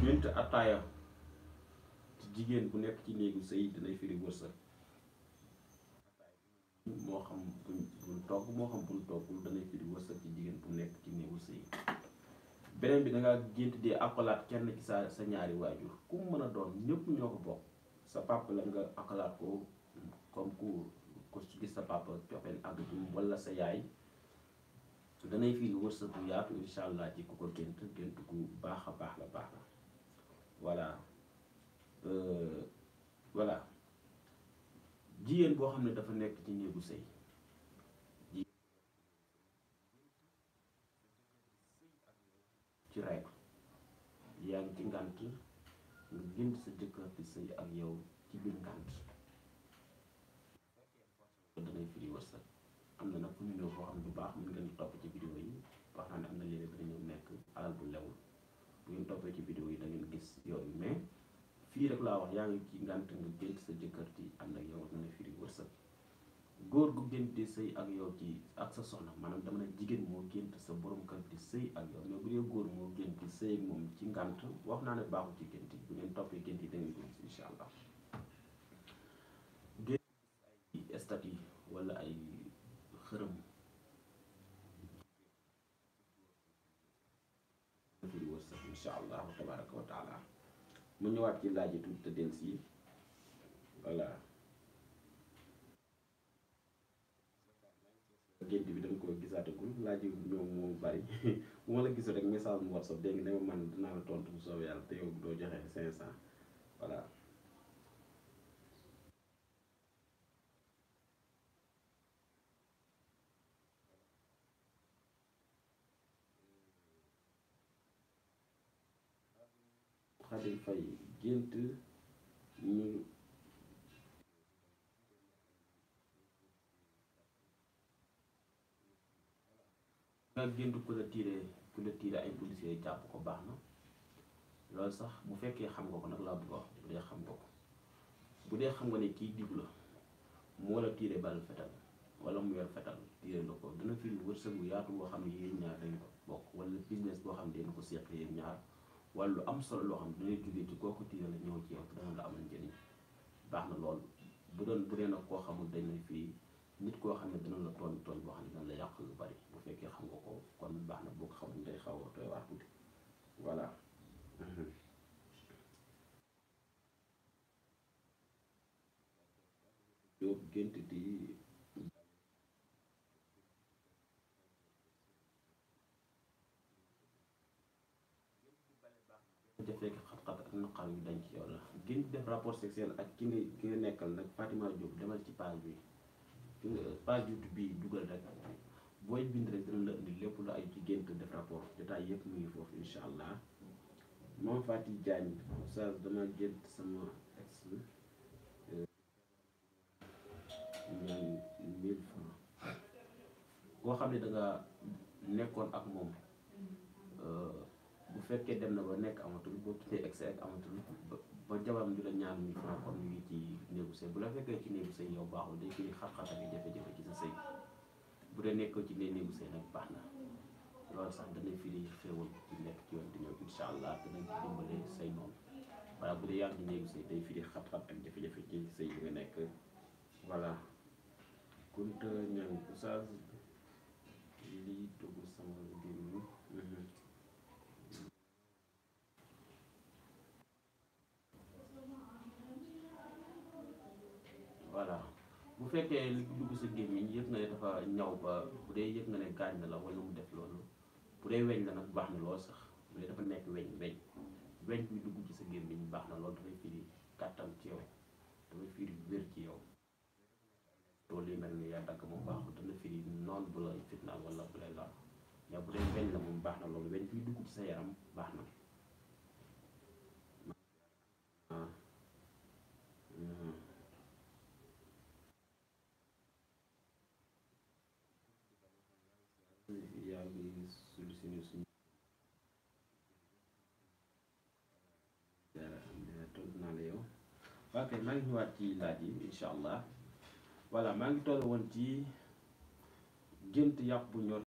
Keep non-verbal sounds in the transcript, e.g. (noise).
gént attaayam ci jigéen bu nekk ci néegu sëy dinay firi wërsëg moo xam buñ buñ togg moo xam buñ toggul danay firi wërsëg ci jigéen bu nekk ci néegu sëy beneen bi da ngaa gént dee akolaat kenn ci sa sa ñaari waajur ku mu a doon ñëpp ñoo ko bokk sa papa la nga akolaat ko comme ku gis sa papa coppeen àgg wala sa yaay danay firi wërsëg bu yaatu incha allah ci ku ko gént gént gu baax a baax la baax la voilà euh, voilà jigéen boo xam ne dafa nekk ci néegu sëy ci règle yaa ci ngànt nga génn sa jëkkër di sëy ak yow ci biir ngànt danay firi wërsëg am na nag fu ñu ñëw foo xam ne bu baax mën ngeen di topp ci vidéo yi wax naa ne am na léeg-léeg dina ñëw nekk alal bu lewul bu ngeen toppee ci vidéo yi gis mais fii rek laa wax yaa ngi ci ngànt nga gént sa jëkkër ci am ak yow dana firi wërsëg góor gu gént di sëy ak yow ci ak sa soxna maanaam dama ne jigéen moo gént sa boroom kër di sëy ak yow mais bu dee góor moo gént di sëy ak moom ci ngànt wax naa ne baaxul ci gént yi bu ngeen toppee gént yi da ngeen ko allah gént ay statut wala ay xërëm insha allahu tabaraka wa mu ñëwaat ci laaj yi tuuti te dellusi yi voilà gént bi danga ko gisaatagul laaj yi ñoom moo bari (laughs) bu la gisu rek message mu whatsapp dégg nga ne man dinaa la tontu bu soobee yàlla te yow doo joxe 500 voilà Khady Faye gént ñu nga gént ku la tiire ku la tiire ay policiers jàpp ko baax na loolu sax bu fekkee xam nga ko nag laa bëgg wax bu dee xam nga ko bu dee xam nga ne kii diggu la moo la tiire bal fetal wala mu yor fetal tiire la ko dina firi wërsëg bu yaatu boo xam ne yéen ñaar dañu ko bokk wala business boo xam ne dañu ko seq yéen ñaar wala lu am solo loo xam ne dangay jógee ci kooku tiira la ñëw ci yow dana la amal njëriñ baax na lool bu doon bu dee nag koo xamul dañ ne fii nit koo xam ne dana la tooñ tooñ boo xam ne dana la yàq lu bari bu fekkee xam nga ko kon baax na boo ko xamul day xaw a tooy waar tuuti voilà yóbbu gént di jafe-jafe xat-xat ak naqar yu dañ ci yow la génn def rapport sexuel ak ki nga ki nga nekkal nag Fatima Diop demal ci page bi page YouTube bi dugal rek booy bind rek dina la indi lépp lu ay ci gént def rapport jotaay yëpp mu ngi foofu incha allah moom Fatou Diagne oustaz dama gént sama ex ñaan euh, mille koo xam ne da nekkoon ak moom fekkee dem na ba nekk amatul boo tuddee excès amatul ba jabaram di la ñaar mille francs comme ñu ngi ci néegu sëy bu la fekkee ci néegu sëy yow baaxul day koy xat-xat jafe-jafe ci sa sëy bu dee nekkoo ci nee néegu sëy nag baax na loolu sax dana firi xéewal ci nekk ci yoon di ñëw incha allah danañ ci dimbale say noonu voilà bu dee yaa ngi néegu sëy day firi xat-xat ak jafe-jafe ci sëy bi nga nekk voilà kunta ñaan oustaz lii dugg sama biir voilà bu fekkee li dugg sa gémmiñ yëg nga ne dafa ñaw ba bu dee yëg nga ne gaañ na la wala mu def loolu bu dee weñ na nag baax na lool sax bu dee dafa nekk weñ weñ weñ bi dugg ci sa gémmiñ baax na lool dafay firi kàttan ci yow dafay firi wér ci yow loolu yi mel ni yaa dagg moom baaxul dana firi noon bu la fitnaal wala bu lay laal mais bu dee weñ la moom baax na loolu weñ fi dugg ci sa yaram baax na bi solution suñu tontu naa la yow waaw kay maa ngi ñëwaat ci laaj yi incha allah voilà maa ngi toog woon ci gént yàpp bu ñor